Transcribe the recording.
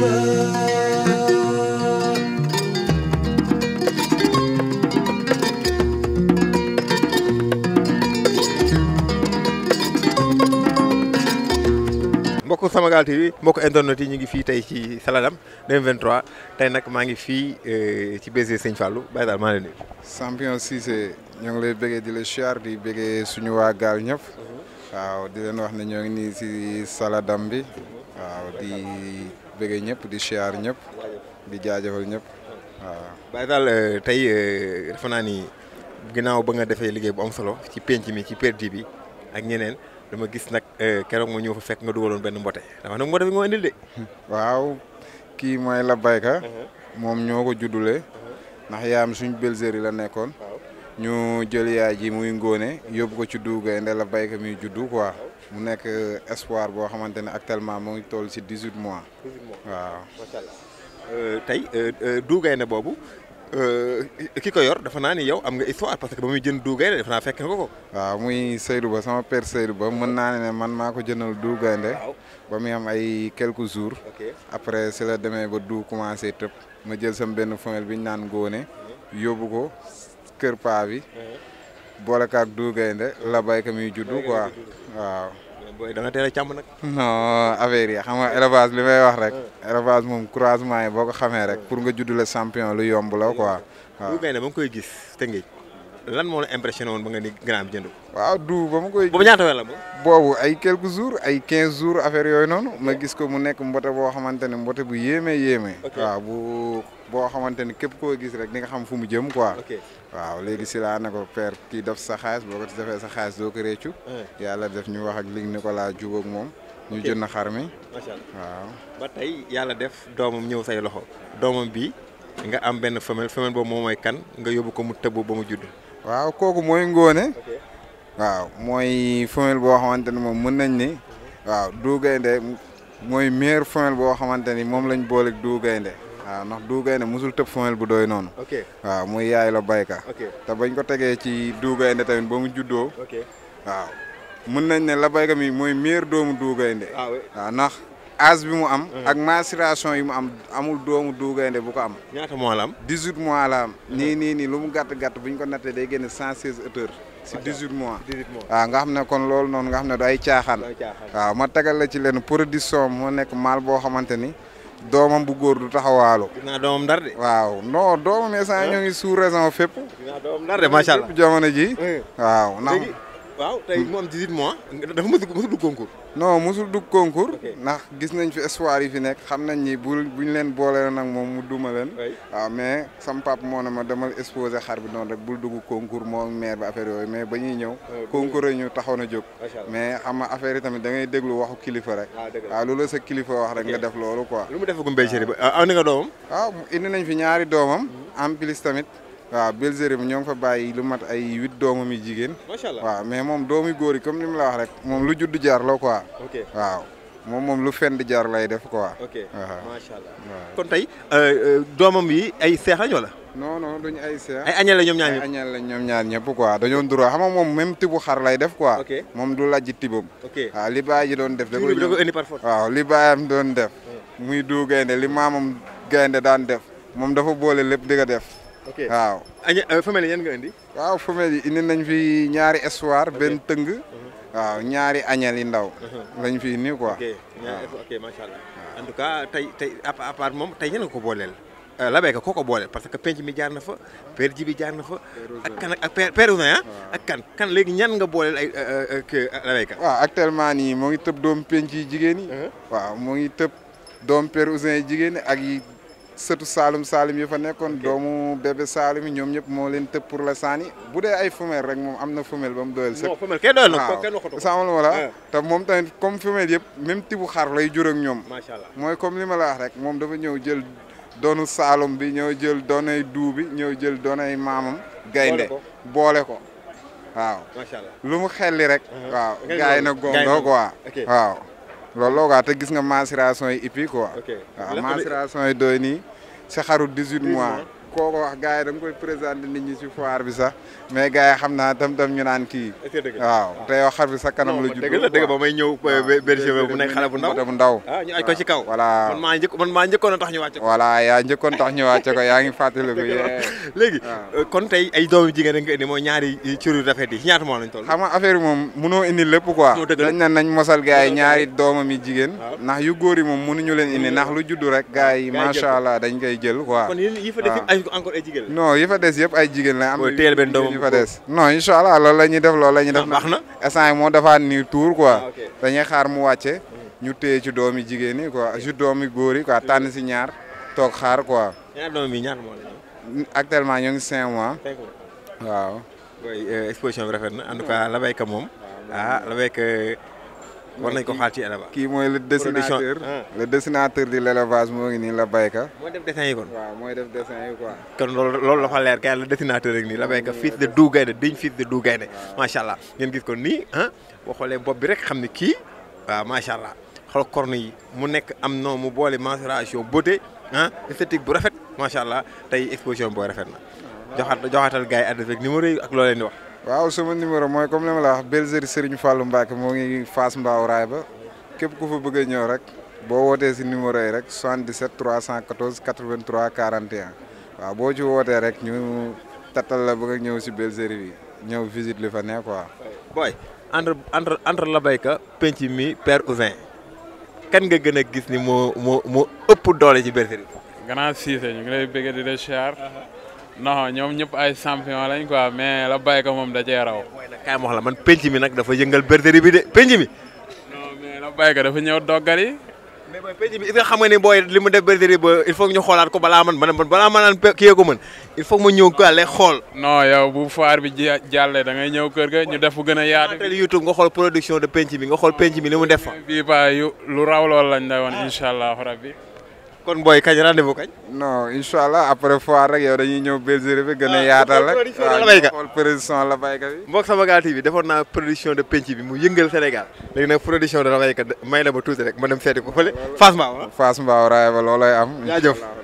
mbokk Samagal TV mbokk internet yi ñu ngi fii ci Saladam 2023 tey nag maa ngi fii euh, ci BG Sëñ Fallou Baye daal maa ngi lay champion Cissé ñoo lay bëggee di la siyaar di bëggee suñu mhm. waaw di leen wax ne ñoo si Saladam bi. waaw di bëgg ñëpp di siyaar ñëpp di jaajëfal ñëpp waaw. Baye Tall euh, tey euh, defe naa ni ginnaaw ba nga defee liggéey bu am solo ci penc mi ci perdi bi ak ñeneen dama gis nag euh, keroog ma ñëw fa fekk nga dugaloon benn mbote dama nag mbote bi moo indil de. waaw kii mooy la bayka uh-huh. moom ñoo ko juddule uh-huh. ndax yaam suñ belgéri la nekkoon. ñu jël yaay ji muy ngoone yóbbu ko ci duugaay ndel la bayka mi juddu quoi. mu nekk euh, espoir boo xamante ne actuellement mu ngi toll si dix huit mois. dix huit waaw macha allah. Euh, tey euh, duugay na boobu ki ko yor dafa naa ni yow am nga histoire parce que ba muy jën duugay na dafa naa fekk nga ko. waaw muy Seydou Ba sama père Seydou Ba mën naa ne man maa ko jëndal duugay nde ba muy am ay quelques jours. après si la demee ba du commencé tëb ma jël sam benn femelle bi ñu naan góone mhm. yóbbu ko kër paa bi. Mhm. boole kaag duugaynde la béykat muy juddu quoi waaw. booy da a càmm nag. non affaire yi xam nga élevage li may wax rek. élevage moom croisement yi boo ko xamee rek. pour nga judd la champion lu yomb la quoi. waaw duugaynde ba koy gis te ngi lan moo la impressionné woon ba nga ni grand bi jënd ko. waaw du ba ma koy. boobu ñaata weer la boobu ay quelques jours ay quinze jours affaire yooyu noonu ma gis ko mu nekk mbote boo xamante ne mbote bu yéeme yéeme. waaw bu boo xamante ne képp koo gis rek di nga xam fu mu jëm quoi. waaw léegi si laa ne per ki def sa xaalis boo ko defee sa xaalis doo ko réccu. Eh. yàlla def ñu wax ak ko Nicolaï jubóog moom. ñu jënd xar mi. macha allah waaw. ba tey yàlla def doomam ñëw say loxo. doomam bi nga am benn femelle femelle boobu moom mooy kan nga yóbbu ko mu tëbb ba mu judd. waaw kooku mooy ngóone waaw mooy femelle boo xamante ni moom mën nañ ni waaw duugaynde mooy meilleure femelle boo xamante ni moom lañ boole duugaynde waaw ndax duugaynde musul tëb femelle bu doy noonu waaw mu yaay la bayka te bañ ko tegee ci duugaynde tamit ba mu juddoo waaw mën nañ ne la bayka mi mooy meilleur doomu duugaynde ah waaw ndax âge bi mu am. Mm. ak mensuration yi mu am amul doomu duugaynde bu ko am. ñaata mois la am. 18 mois la am. Mm. nii nii nii lu mu gàtt gàtt bu ñu ko nattee day génne 116 heures. si 18 mois waaw nga xam ne kon loolu noonu nga xam ne du ay caaxaan. waaw ma tagal la ci leen production moo nekk maal boo xamante ni. doomam bu góor du taxawaalu. dinaa doomam ndar de. waaw non doomam instant ñoo ngi raison fépp. dinaa doomam allah jamono ji. waaw ndax. waaw tey mu am 18 mois dafa mësul mësul dugg concours. no mësul dug concours. ndax gis nañ fi espoir yi fi nekk xam nañ ni bu bu ñu leen boole nag moom mu duma leen. waaw mais sam pap moo ne ma demal exposé xar bi noonu rek bul dugg concours moom maire bi affaire yooyu mais ba ñuy ñëw. concours yi ñu taxaw na jóg. mais xam nga affaire yi tamit da ngay déglu waxu kilifa rek. Ah, waaw loolu sa kilifa wax rek nga def loolu quoi. lu mu defagum béykat yi ba am ah, na nga doomam. Ah, indi nañ fi ñaari doomam. Mhm. en plus tamit. waaw Belzéri bi ñoo ngi fa bàyyi lu mat ay huit doomam yi jigéen. macha allah waaw mais moom doomi góor yi comme ni mu la wax rek moom lu judd jaar la quoi. ok waaw moom moom lu fend jaar lay def quoi. ok macha allah waaw kon tey euh, euh, doomam yi ay seex lañ wala. non non duñu ay seex. ay añal la ñoom ñaar ñëpp ay añal la ñoom ñaar ñëpp quoi dañoo nduroo xam moom même tibu xar lay def quoi. ok moom du lajj tibam. ok waaw li baay ji doon def. da ko indi par force li baayam doon def. Hmm. muy du gaynde li maamam gaynde daan def moom dafa boole lépp di ko def ok waaw. Euh, femelle yi yan nga indi. waaw femelle yi indi nañ fi ñaari espoir benn tëng. Mhm. waaw ñaari añal yi ndaw. Mhm. lañ fi indi quoi. ok allah. en tout cas tey tey à part moom tey ko booleel. Euh, labee ko koo ko booleel parce que penc mi jaar na fa. père ji bi jaar na fa. ak kan ak père père Ousseyn a ah? kan léegi ñan nga booleel ay euh, labee ka. waaw actuellement nii moo tëb doom penc yi jigéen mhm. waaw moo tëb doom père Ousseyn jigéen ak yi. sëtu Saalum Saalum yi fa nekkoon doomu bébé Saalum yi ñoom ñëpp moo leen pour la saani bu dee ay femelle rek moom am na femelle ba mu doyal sëkk waaw sama la wala eh. te moom tamit comme femelle yëpp même tibu xar lay jur ñoom macha allah mooy comme li ma la wax rek moom dafa ñëw jël doonu Saalum bi ñëw jël doonay duu bi ñëw jël doonay maamam gaynde boole ko waaw macha lu mu xelli rek uh-huh. waaw gaay na gondoo waaw looloo quoi te gis nga mensuration yi épi quoi. ok waaw mensuration yi doy nii si xaru mois. koo ko wax gars yi da nga koy présenté nit ñi ci foire bi sax mais gars yi tam tam ñu naan kii. waaw ah. te yow xar sa kanam la judd. dëgg la dëgg ba may ñëw bergerie bu nekk xale bu ndaw ah ñu aj ko ci kaw. voilà man maa njëkk man maa njëkkoon a tax ñu wàcce ko. voilà yaa njëkkoon tax ñu wàcce ko yaa ngi fàttaliku. léegi euh, kon tey ay doomu jigéen nga indi mooy ñaari cër rafet yi ñaata lañ xam nga affaire indi quoi. dañ nañ mosal ñaari ndax yu leen indi ndax lu rek yi allah dañ koy jël quoi gis ko encore ay jigéen la. yi fa des yëpp ay jigéen la am. teel benn doomam yi fa des. non incha allah loolu la def loolu la def. Ah, na instant yi moo defaat nii tour quoi. Ah, dañuy xaar mu wàcce. ñu téye ci doomi jigéen yi quoi ci doomi góor yi quoi tànn si ñaar toog xaar quoi. ñaar doom yi ñaar moo actuellement ñoo ngi cinq mois. waaw. Euh, exposition bi rafet na en tout la béykat moom. ah la war nañ ko xaar ci élevage. kii mooy le dessinateur ah. le dessinateur di l' élevage moo ngi nii la bayka. mooy def dessin yi mooy def dessin kon loolu loolu dafa leer kay le dessinateur rek nii la bayka fils de Dou Gaynde digne fils de Dou Gaynde macha allah ngeen gis ko nii ah, boo xoolee bopp bi rek xam ne kii waaw macha allah xool corne yi mu nekk am noo mu boole mensuration beauté ah esthétique bu rafet macha allah tey exposition booy rafet na. Ah, joxaat joxaatal gars yi adresse rek numéro yi ak loo leen di wax. waaw sama numéro mooy comme li ma la wax Bergerie Serigne Fallou Mbacke moo ngi Fass Mbao raay ba képp ku fa bëgg a ñëw rek boo wootee si numéro yi rek 77 314 83 41 waaw boo ci wootee rek ñu tatal la bëgg a ñëw si Bergerie bi ñëw visite li fa ne quoi. booy entre la béykat penc mi Père Ousin kan nga gën a gis ni moo moo moo ëpp doole ci Bergerie bi. gannaaw Cissé ñu ngi lay bëgg di la non ñoom ñëpp ay champion lañ quoi mais la bàyyi moom da cee raw. mooy la man penc mi nag dafa yëngal bergerie bi de penc mi. non mais la bàyyi dafa ñëw doggal yi. mais xam nga ni booy li mu def bergerie ba il faut ñu xoolaat ko balaa man man balaa ma naan kii ko mën il faut ma ñëw quoi lay xool. non yow bu foire bi jàllee jàlle da ngay ñëw kër ga ñu def fu gën a yaatu. nga YouTube nga xool production de penc bi nga xool penc bi li mu def fa. bii ba lu raw loolu lañ lay wan incha allah rabbi kon booy kañ rendez-vous kañ. non incha allah après foire rek yow dañuy ñëw bergerie bi gën a ah, yaatal rek waaw xool production la baykat bi. mbokk sama bi defoon naa production de penc bi mu yëngal Sénégal léegi nag production de la baykat may la ba tuuti rek ma dem seeti ko fële Fass Mbao. Ah. Fass Mbao raaya ba loolay am. jaajëf